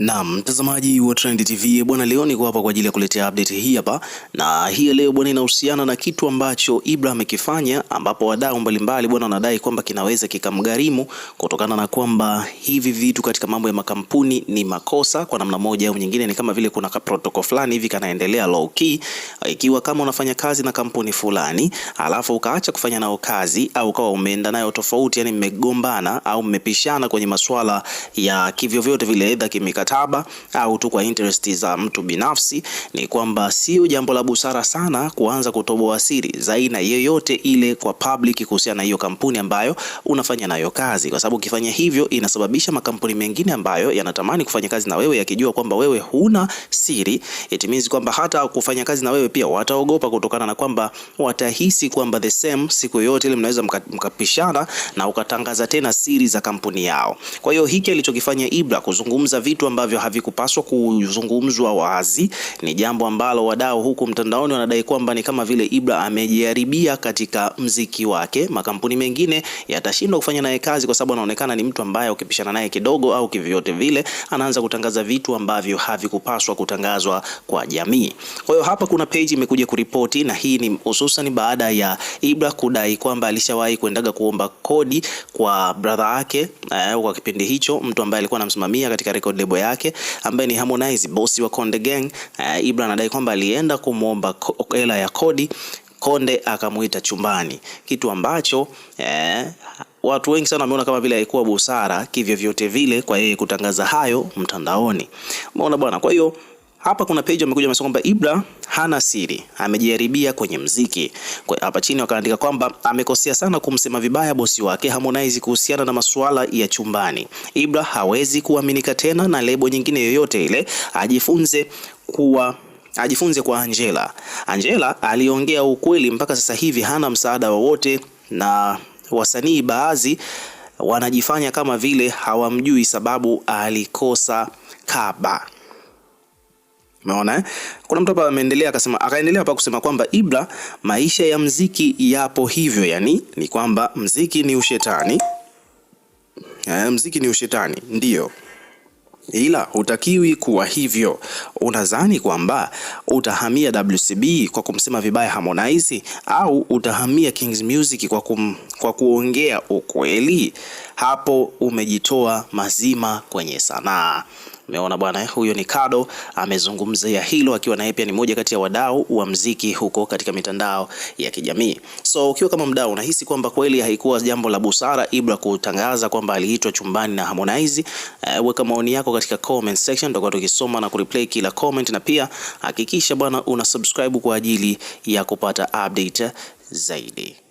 Na mtazamaji wa Trend TV bwana, leo niko hapa kwa ajili ya kuletea update hii hapa, na hii leo bwana inahusiana na kitu ambacho Ibra amekifanya, ambapo wadau mbalimbali bwana wanadai kwamba kinaweza kikamgharimu kutokana na kwamba hivi vitu katika mambo ya makampuni ni makosa kwa namna moja au nyingine. Ni kama vile kuna ka protocol fulani hivi kanaendelea low key. Ikiwa kama unafanya kazi na kampuni fulani alafu ukaacha kufanya nao kazi au ukawa umeenda nayo tofauti, yani mmegombana au mmepishana kwenye masuala ya kivyovyote vile, aidha kimikata mkataba au tu kwa interest za mtu binafsi, ni kwamba sio jambo la busara sana kuanza kutoboa siri za aina yoyote ile kwa public kuhusiana na hiyo kampuni ambayo unafanya nayo kazi, kwa sababu ukifanya hivyo inasababisha makampuni mengine ambayo yanatamani kufanya kazi na wewe yakijua kwamba wewe huna siri, it means kwamba hata kufanya kazi na wewe pia wataogopa, kutokana na kwamba watahisi kwamba the same, siku yoyote ile mnaweza mkapishana na ukatangaza tena siri za kampuni yao. Kwa hiyo hiki alichokifanya Ibra kuzungumza vitu amba ambavyo havikupaswa kuzungumzwa wazi. Ni jambo ambalo wadau huku mtandaoni wanadai kwamba ni kama vile Ibra amejiharibia katika mziki wake. Makampuni mengine yatashindwa kufanya naye kazi kwa sababu anaonekana ni mtu ambaye ukipishana naye kidogo au kivyote vile anaanza kutangaza vitu ambavyo havikupaswa kutangazwa kwa jamii. Kwa hiyo hapa kuna page imekuja kuripoti, na hii ni hususan baada ya Ibra kudai kwamba alishawahi kuendaga kuomba kodi kwa brother yake au eh, kwa kipindi hicho mtu ambaye alikuwa anamsimamia katika record label yake ambaye ni Harmonize, bosi wa Konde Gang. Uh, Ibra anadai kwamba alienda kumwomba hela ya kodi, Konde akamuita chumbani, kitu ambacho eh, watu wengi sana wameona kama vile haikuwa busara kivyo vyote vile kwa yeye kutangaza hayo mtandaoni. Umeona bwana, kwa hiyo hapa kuna page amekuja amesema kwamba Ibra hana siri, amejaribia kwenye mziki. Kwa hapa chini wakaandika kwamba amekosea sana kumsema vibaya bosi wake Harmonize kuhusiana na masuala ya chumbani. Ibra hawezi kuaminika tena na lebo nyingine yoyote ile, ajifunze kuwa ajifunze kwa Angela. Angela aliongea ukweli, mpaka sasa hivi hana msaada wowote, na wasanii baadhi wanajifanya kama vile hawamjui, sababu alikosa kaba. Umeona eh? Kuna mtu hapa ameendelea akasema akaendelea hapa kusema kwamba Ibra, maisha ya mziki yapo hivyo, yani ni kwamba mziki ni ushetani. Eh, mziki ni ushetani ndio ila hutakiwi kuwa hivyo. Unadhani kwamba utahamia WCB kwa kumsema vibaya Harmonize au utahamia Kings Music kwa, kum, kwa kuongea ukweli? Hapo umejitoa mazima kwenye sanaa. Umeona bwana, eh? huyo ni Kado amezungumzia hilo akiwa naye pia ni moja kati ya wadau wa mziki huko katika mitandao ya kijamii. So ukiwa kama mdau unahisi kwamba kweli haikuwa jambo la busara Ibra kutangaza kwamba aliitwa chumbani na Harmonize? Uh, weka maoni yako katika comment section, tutakuwa tukisoma na kureplay kila comment, na pia hakikisha bwana una subscribe kwa ajili ya kupata update zaidi.